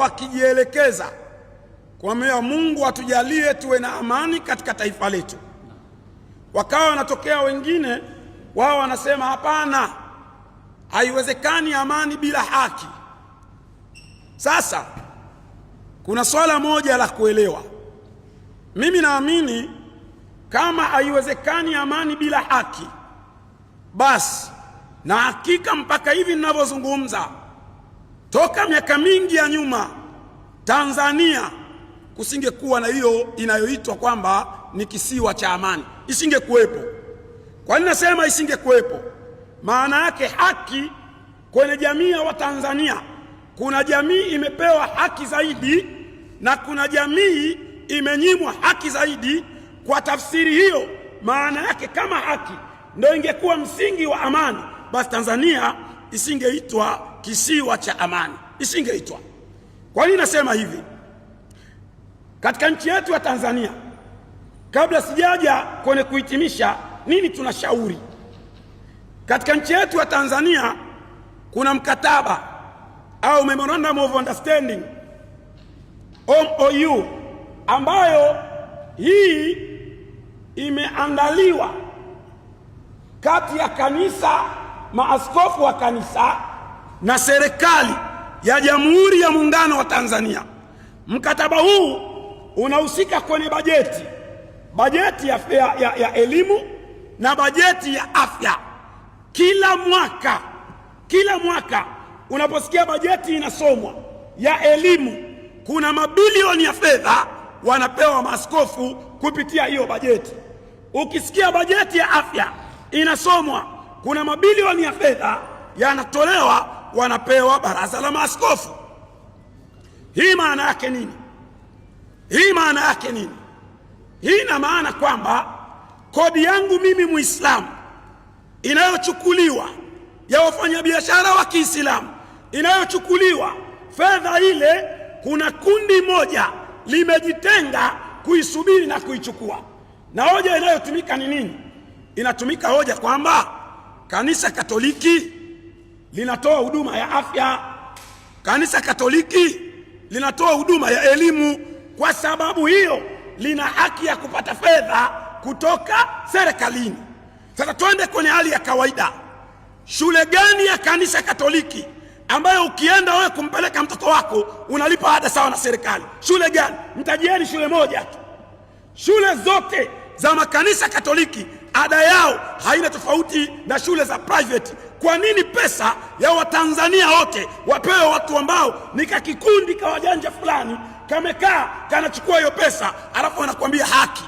wakijielekeza kuambia Mungu atujalie tuwe na amani katika taifa letu, wakawa wanatokea wengine wao wanasema hapana, haiwezekani amani bila haki. Sasa kuna swala moja la kuelewa. Mimi naamini kama haiwezekani amani bila haki, basi na hakika mpaka hivi ninavyozungumza Toka miaka mingi ya nyuma Tanzania kusingekuwa na hiyo inayoitwa kwamba ni kisiwa cha amani, isingekuwepo. Kwa nini nasema isingekuwepo? Maana yake haki kwenye jamii ya Watanzania, kuna jamii imepewa haki zaidi na kuna jamii imenyimwa haki zaidi. Kwa tafsiri hiyo, maana yake kama haki ndio ingekuwa msingi wa amani, basi Tanzania isingeitwa kisiwa cha amani, isingeitwa. Kwa nini nasema hivi? Katika nchi yetu ya Tanzania, kabla sijaja kwenye kuhitimisha nini tunashauri, katika nchi yetu ya Tanzania kuna mkataba au memorandum of understanding MOU ambayo hii imeandaliwa kati ya kanisa, maaskofu wa kanisa na serikali ya Jamhuri ya Muungano wa Tanzania. Mkataba huu unahusika kwenye bajeti, bajeti ya, ya, ya elimu na bajeti ya afya. Kila mwaka, kila mwaka unaposikia bajeti inasomwa ya elimu, kuna mabilioni ya fedha wanapewa maaskofu kupitia hiyo bajeti. Ukisikia bajeti ya afya inasomwa, kuna mabilioni ya fedha yanatolewa wanapewa baraza la maaskofu. Hii maana yake nini? Hii maana yake nini? Hii ina maana kwamba kodi yangu mimi Muislamu inayochukuliwa ya wafanyabiashara wa Kiislamu inayochukuliwa fedha ile, kuna kundi moja limejitenga kuisubiri na kuichukua. Na hoja inayotumika ni nini? Inatumika hoja kwamba kanisa Katoliki linatoa huduma ya afya, kanisa Katoliki linatoa huduma ya elimu. Kwa sababu hiyo lina haki ya kupata fedha kutoka serikalini. Sasa twende kwenye hali ya kawaida, shule gani ya kanisa Katoliki ambayo ukienda wewe kumpeleka mtoto wako unalipa ada sawa na serikali? Shule gani? Mtajieni shule moja tu. Shule zote za makanisa Katoliki ada yao haina tofauti na shule za private kwa nini pesa ya Watanzania wote wapewe watu ambao ni ka kikundi ka wajanja fulani kamekaa kanachukua hiyo pesa, alafu anakuambia haki?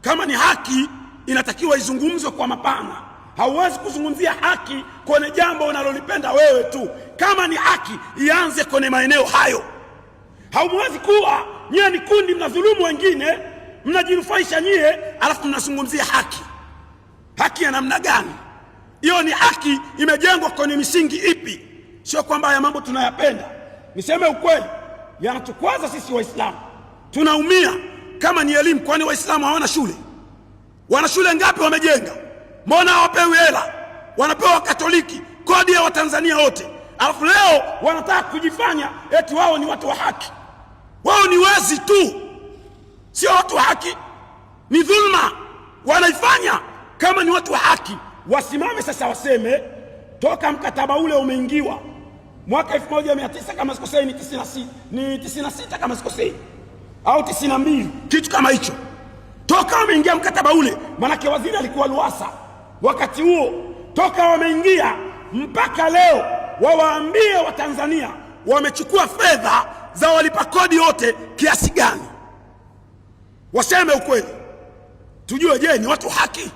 Kama ni haki inatakiwa izungumzwe kwa mapana. Hauwezi kuzungumzia haki kwenye jambo unalolipenda wewe tu. Kama ni haki ianze kwenye maeneo hayo. Haumwezi kuwa nyie ni kundi mnadhulumu wengine, mnajinufaisha nyie, alafu mnazungumzia haki. Haki ya namna gani? hiyo ni haki imejengwa kwenye misingi ipi? Sio kwamba haya mambo tunayapenda. Niseme ukweli, yanatukwaza sisi Waislamu, tunaumia kama ni elimu. Kwani Waislamu hawana shule? Wana shule ngapi wamejenga? Mbona hawapewi hela? Wanapewa Katoliki, kodi ya Watanzania wote, alafu leo wanataka kujifanya eti wao ni watu wa haki. Wao ni wezi tu, sio watu wa haki. Ni dhulma wanaifanya kama ni watu wa haki wasimame sasa waseme toka mkataba ule umeingiwa mwaka 1900 kama sikosei ni 96, ni 96 kama sikosei au 92 kitu kama hicho, toka wameingia mkataba ule. Manake waziri alikuwa luasa wakati huo, toka wameingia mpaka leo, wawaambie Watanzania wamechukua fedha za walipa kodi wote kiasi gani, waseme ukweli tujue. Je, ni watu haki?